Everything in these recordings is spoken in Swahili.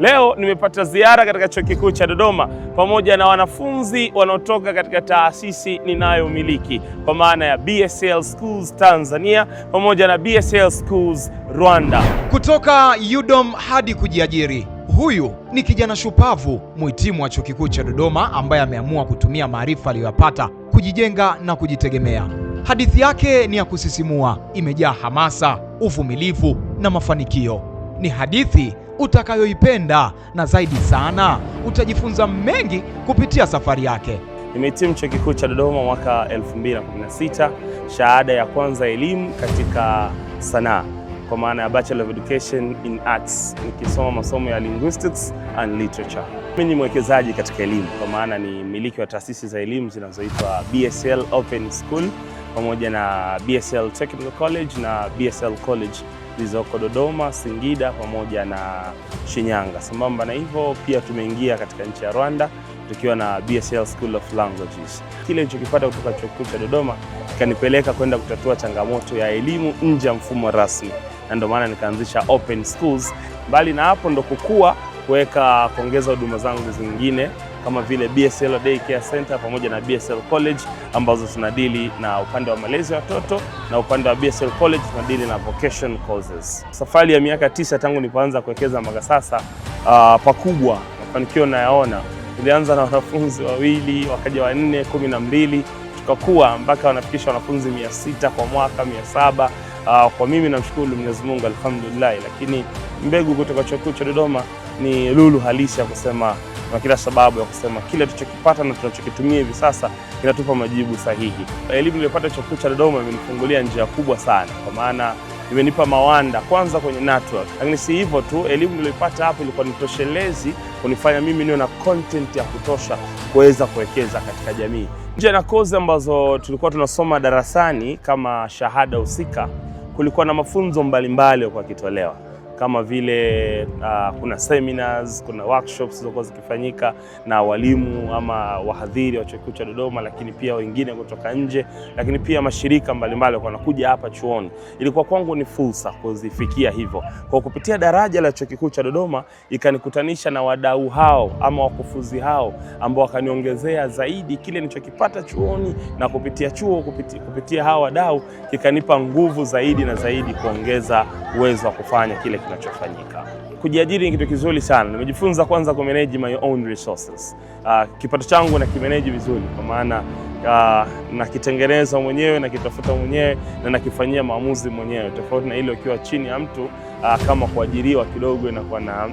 Leo nimepata ziara katika Chuo Kikuu cha Dodoma pamoja na wanafunzi wanaotoka katika taasisi ninayomiliki kwa maana ya BSL Schools Tanzania pamoja na BSL Schools Rwanda. Kutoka UDOM hadi kujiajiri. Huyu ni kijana shupavu mhitimu wa Chuo Kikuu cha Dodoma ambaye ameamua kutumia maarifa aliyoyapata kujijenga na kujitegemea. Hadithi yake ni ya kusisimua, imejaa hamasa, uvumilivu na mafanikio. Ni hadithi utakayoipenda na zaidi sana utajifunza mengi kupitia safari yake. Nimehitimu Chuo Kikuu cha Dodoma mwaka 2016 shahada ya kwanza elimu katika sanaa kwa maana ya Bachelor of Education in Arts, nikisoma masomo ya Linguistics and Literature. Mimi ni mwekezaji katika elimu kwa maana ni mmiliki wa taasisi za elimu zinazoitwa BSL Open School pamoja na BSL Technical College na BSL College zilizoko Dodoma, Singida pamoja na Shinyanga. Sambamba na hivyo, pia tumeingia katika nchi ya Rwanda tukiwa na BSL School of Languages. Kile nilichokipata kutoka chuo kikuu cha Dodoma kikanipeleka kwenda kutatua changamoto ya elimu nje ya mfumo rasmi, na ndio maana nikaanzisha open schools. Mbali na hapo, ndo kukua kuweka kuongeza huduma zangu zingine kama vile BSL Day Care Center pamoja na BSL College ambazo zinadili na upande wa malezi ya watoto na upande wa BSL College tunadili na vocation courses. Safari ya miaka tisa tangu nilipoanza kuwekeza sasa, uh, pakubwa mafanikio nayaona. Nilianza na wanafunzi wawili, wakaja wanne, kumi na mbili, tukakuwa mpaka wanafikisha wanafunzi mia sita kwa mwaka mia saba Uh, kwa mimi namshukuru Mwenyezi Mungu alhamdulillah, lakini mbegu kutoka chuo kikuu cha Dodoma ni lulu halisi ya kusema na kila sababu ya kusema kile tulichokipata na tunachokitumia hivi sasa kinatupa majibu sahihi. Elimu niliyopata chuo kikuu cha Dodoma imenifungulia njia kubwa sana, kwa maana imenipa mawanda kwanza kwenye network, lakini si hivyo tu, elimu niliyopata hapo ilikuwa nitoshelezi kunifanya mimi niwe na content ya kutosha kuweza kuwekeza katika jamii nje na kozi ambazo tulikuwa tunasoma darasani kama shahada husika, kulikuwa na mafunzo mbalimbali yalikuwa yakitolewa kama vile uh, kuna seminars, kuna workshops zilizokuwa zikifanyika na walimu ama wahadhiri wa Chuo Kikuu cha Dodoma, lakini pia wengine kutoka nje, lakini pia mashirika mbalimbali wanakuja hapa chuoni. Ilikuwa kwangu ni fursa kuzifikia hivyo, kwa kupitia daraja la Chuo Kikuu cha Dodoma ikanikutanisha na wadau hao ama wakufuzi hao ambao wakaniongezea zaidi kile nilichokipata chuoni, na kupitia chuo kupitia, kupitia hao wadau kikanipa nguvu zaidi na zaidi kuongeza uwezo wa kufanya kile kinachofanyika. Kujiajiri ni kitu kizuri sana, nimejifunza kwanza ku manage my own resources. Uh, kipato changu na kimanage vizuri, kwa maana uh, nakitengeneza mwenyewe na kitafuta mwenyewe na nakifanyia maamuzi mwenyewe, tofauti na ile ukiwa chini ya mtu uh, kama kuajiriwa kidogo inakuwa na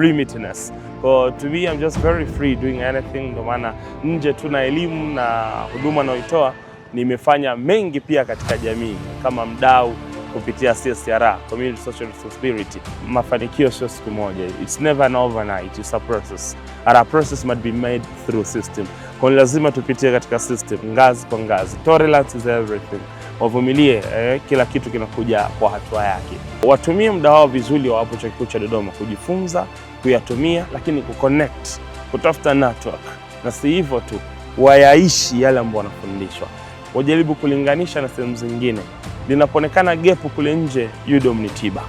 limitedness. Eh, so to me I'm just very free doing anything, kwa maana nje tu na elimu na huduma naoitoa nimefanya mengi pia katika jamii kama mdau kupitia CSR, Community Social Responsibility. Mafanikio sio siku moja, it's never an overnight, it's a process and a process must be made through system. Kwa lazima tupitie katika system, ngazi kwa ngazi. Tolerance is everything. Wavumilie eh, kila kitu kinakuja kwa hatua yake. Watumie muda wao vizuri wawapo Chuo Kikuu cha Dodoma kujifunza, kuyatumia, lakini kuconnect, kutafuta network na si hivyo tu, wayaishi yale ambayo wanafundishwa wajaribu kulinganisha na sehemu zingine. Linapoonekana gepu kule nje, UDOM ni tiba,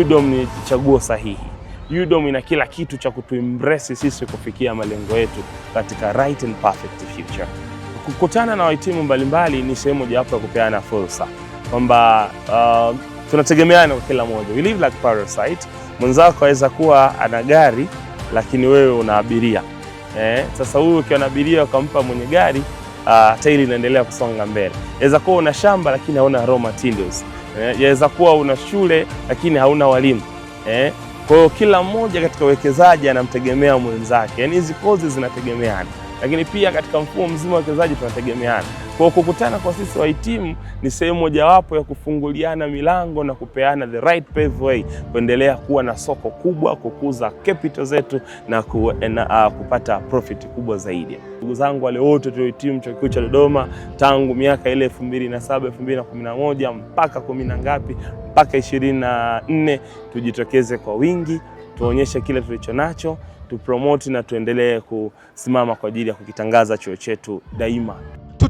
UDOM ni chaguo sahihi. UDOM ina kila kitu cha kutuimbresi sisi kufikia malengo yetu katika right and perfect future. Kukutana na wahitimu mbalimbali ni sehemu mojawapo ya kupeana fursa kwamba uh, tunategemeana kwa kila mmoja. We live like parasite. Mwenzako aweza kuwa ana gari lakini wewe una abiria eh. Sasa huyu ukiwa na abiria ukampa mwenye gari uh, tairi inaendelea kusonga mbele. Yaweza kuwa una shamba lakini hauna raw materials. Eh, yaweza kuwa una shule lakini hauna walimu. Eh, kwa hiyo kila mmoja katika uwekezaji anamtegemea mwenzake. Yaani hizi kozi zinategemeana lakini pia katika mfumo mzima wa uwekezaji tunategemeana. Kwa kukutana kwa sisi wahitimu ni sehemu mojawapo ya kufunguliana milango na kupeana the right pathway kuendelea kuwa na soko kubwa, kukuza capital zetu na ku, ena, uh, kupata profit kubwa zaidi. Ndugu zangu wale wote tuliohitimu chuo kikuu cha Dodoma tangu miaka ile 2007 2011 mpaka kumi na ngapi mpaka 24 tujitokeze kwa wingi tuonyeshe kile tulicho nacho, tupromote na tuendelee kusimama kwa ajili ya kukitangaza chuo chetu daima.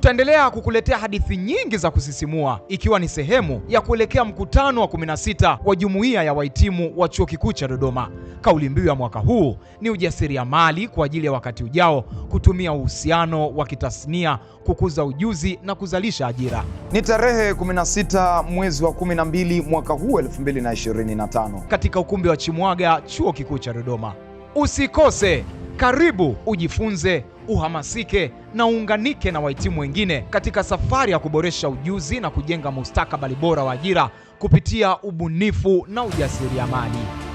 Tutaendelea kukuletea hadithi nyingi za kusisimua ikiwa ni sehemu ya kuelekea mkutano wa 16 wa jumuiya ya wahitimu wa chuo kikuu cha Dodoma. Kauli mbiu ya mwaka huu ni ujasiriamali kwa ajili ya wakati ujao, kutumia uhusiano wa kitasnia kukuza ujuzi na kuzalisha ajira. Ni tarehe 16 mwezi wa 12 mwaka huu 2025 katika ukumbi wa Chimwaga chuo kikuu cha Dodoma. Usikose. Karibu ujifunze, uhamasike na uunganike na wahitimu wengine katika safari ya kuboresha ujuzi na kujenga mustakabali bora wa ajira kupitia ubunifu na ujasiriamali.